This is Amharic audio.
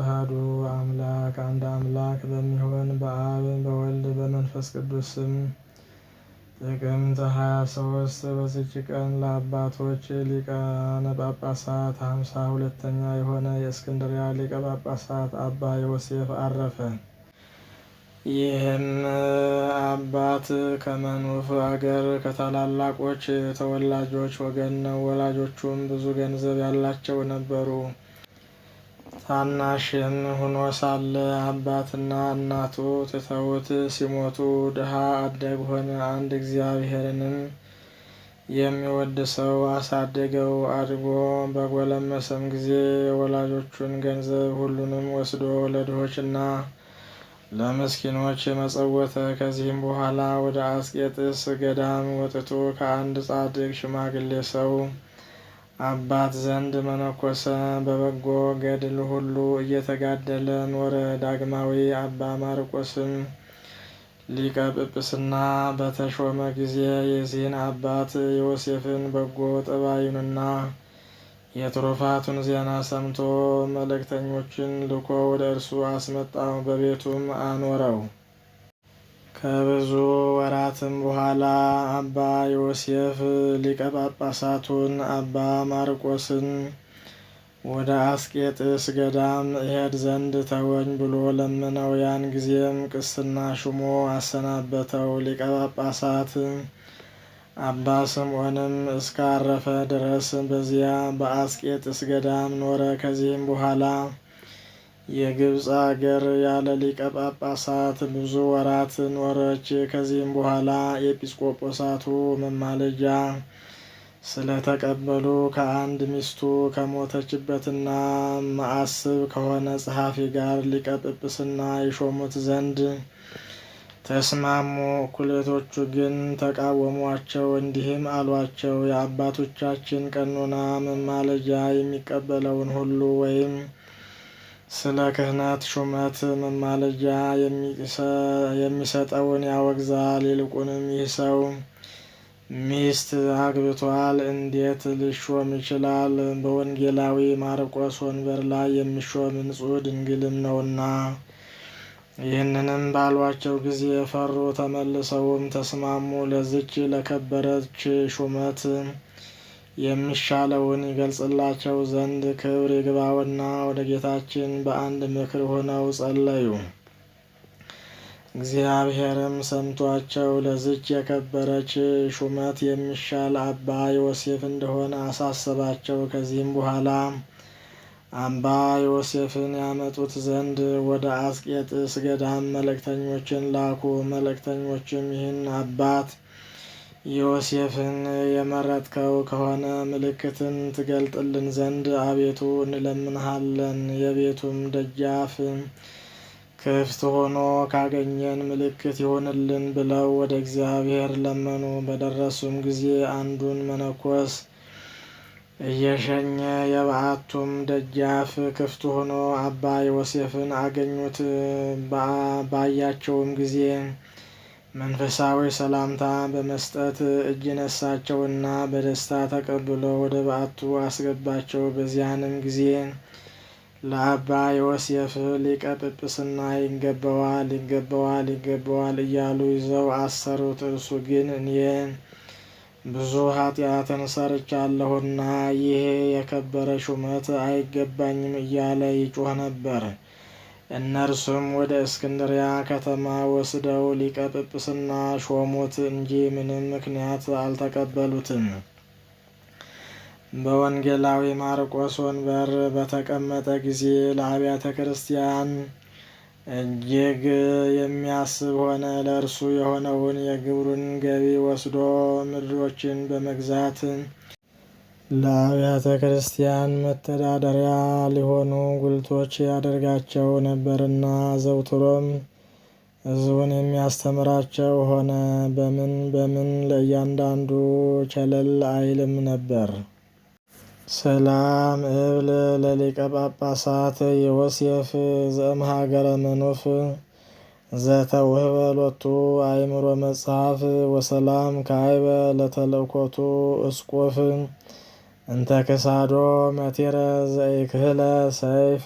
አሐዱ አምላክ አንድ አምላክ በሚሆን በአብ በወልድ በመንፈስ ቅዱስ ስም ጥቅምት 23 በዚች ቀን ለአባቶች ሊቃነ ጳጳሳት ሃምሳ ሁለተኛ የሆነ የእስክንድሪያ ሊቀ ጳጳሳት አባ ዮሴፍ አረፈ። ይህም አባት ከመኑፍ አገር ከታላላቆች ተወላጆች ወገን ነው። ወላጆቹም ብዙ ገንዘብ ያላቸው ነበሩ። ታናሽን ሆኖ ሳለ አባትና እናቱ ትተውት ሲሞቱ ድሃ አደግ ሆነ። አንድ እግዚአብሔርንም የሚወድ ሰው አሳደገው አድጎ በጎለመሰም ጊዜ የወላጆቹን ገንዘብ ሁሉንም ወስዶ ለድሆችና ለምስኪኖች መጸወተ። ከዚህም በኋላ ወደ አስቄጥስ ገዳም ወጥቶ ከአንድ ጻድቅ ሽማግሌ ሰው አባት ዘንድ መነኮሰ። በበጎ ገድል ሁሉ እየተጋደለ ኖረ። ዳግማዊ አባ ማርቆስም ሊቀ ጵጵስና በተሾመ ጊዜ የዚህን አባት ዮሴፍን በጎ ጠባዩንና የትሩፋቱን ዜና ሰምቶ መልእክተኞችን ልኮ ወደ እርሱ አስመጣው፣ በቤቱም አኖረው። ከብዙ ወራትም በኋላ አባ ዮሴፍ ሊቀ ጳጳሳቱን አባ ማርቆስን ወደ አስቄጥስ ገዳም እሄድ ዘንድ ተወኝ ብሎ ለምነው ያን ጊዜም ቅስና ሹሞ አሰናበተው። ሊቀ ጳጳሳት አባ ስምዖንም እስካረፈ ድረስ በዚያ በአስቄጥስ ገዳም ኖረ። ከዚህም በኋላ የግብፅ አገር ያለ ሊቀ ጳጳሳት ብዙ ወራት ኖረች። ከዚህም በኋላ የጲስቆጶሳቱ መማለጃ ስለተቀበሉ ከአንድ ሚስቱ ከሞተችበትና ማአስብ ከሆነ ጸሐፊ ጋር ሊቀ ጵጵስና ይሾሙት ዘንድ ተስማሙ። እኩሌቶቹ ግን ተቃወሟቸው፣ እንዲህም አሏቸው የአባቶቻችን ቀኖና መማለጃ የሚቀበለውን ሁሉ ወይም ስለ ክህነት ሹመት መማለጃ የሚሰጠውን ያወግዛል። ይልቁንም ይህ ሰው ሚስት አግብቷል፣ እንዴት ሊሾም ይችላል? በወንጌላዊ ማርቆስ ወንበር ላይ የሚሾም ንጹሕ ድንግልም ነውና። ይህንንም ባሏቸው ጊዜ የፈሩ ተመልሰውም ተስማሙ። ለዚች ለከበረች ሹመት የሚሻለውን ይገልጽላቸው ዘንድ ክብር ይግባውና ወደ ጌታችን በአንድ ምክር ሆነው ጸለዩ። እግዚአብሔርም ሰምቷቸው ለዝች የከበረች ሹመት የሚሻል አባ ዮሴፍ እንደሆነ አሳሰባቸው። ከዚህም በኋላ አባ ዮሴፍን ያመጡት ዘንድ ወደ አስቄጥስ ገዳም መልእክተኞችን ላኩ። መልእክተኞችም ይህን አባት ዮሴፍን የመረጥከው ከሆነ ምልክትን ትገልጥልን ዘንድ አቤቱ እንለምንሃለን። የቤቱም ደጃፍ ክፍት ሆኖ ካገኘን ምልክት ይሆንልን ብለው ወደ እግዚአብሔር ለመኑ። በደረሱም ጊዜ አንዱን መነኮስ እየሸኘ የበዓቱም ደጃፍ ክፍት ሆኖ አባ ዮሴፍን አገኙት። ባያቸውም ጊዜ መንፈሳዊ ሰላምታ በመስጠት እጅ ነሳቸውና በደስታ ተቀብሎ ወደ በዓቱ አስገባቸው። በዚያንም ጊዜ ለአባ ዮሴፍ ሊቀ ጵጵስና ይገባዋል ይገባዋል ይገባዋል እያሉ ይዘው አሰሩት። እርሱ ግን እኔ ብዙ ኃጢአትን ሰርቻለሁና ይሄ የከበረ ሹመት አይገባኝም እያለ ይጮህ ነበር። እነርሱም ወደ እስክንድሪያ ከተማ ወስደው ሊቀ ጵጵስና ሾሙት እንጂ ምንም ምክንያት አልተቀበሉትም። በወንጌላዊ ማርቆስ ወንበር በተቀመጠ ጊዜ ለአብያተ ክርስቲያን እጅግ የሚያስብ ሆነ። ለእርሱ የሆነውን የግብሩን ገቢ ወስዶ ምድሮችን በመግዛት ለአብያተ ክርስቲያን መተዳደሪያ ሊሆኑ ጉልቶች ያደርጋቸው ነበርና ዘውትሮም ሕዝቡን የሚያስተምራቸው ሆነ። በምን በምን ለእያንዳንዱ ቸለል አይልም ነበር። ሰላም እብል ለሊቀ ጳጳሳት ዮሴፍ ዘእምሃገረ መኖፍ ዘተውህበ ሎቱ አእምሮ መጽሐፍ ወሰላም ካይበ ለተለኮቱ እስቆፍ እንተ ክሳዶ መቴረ ዘይክህለ ሰይፍ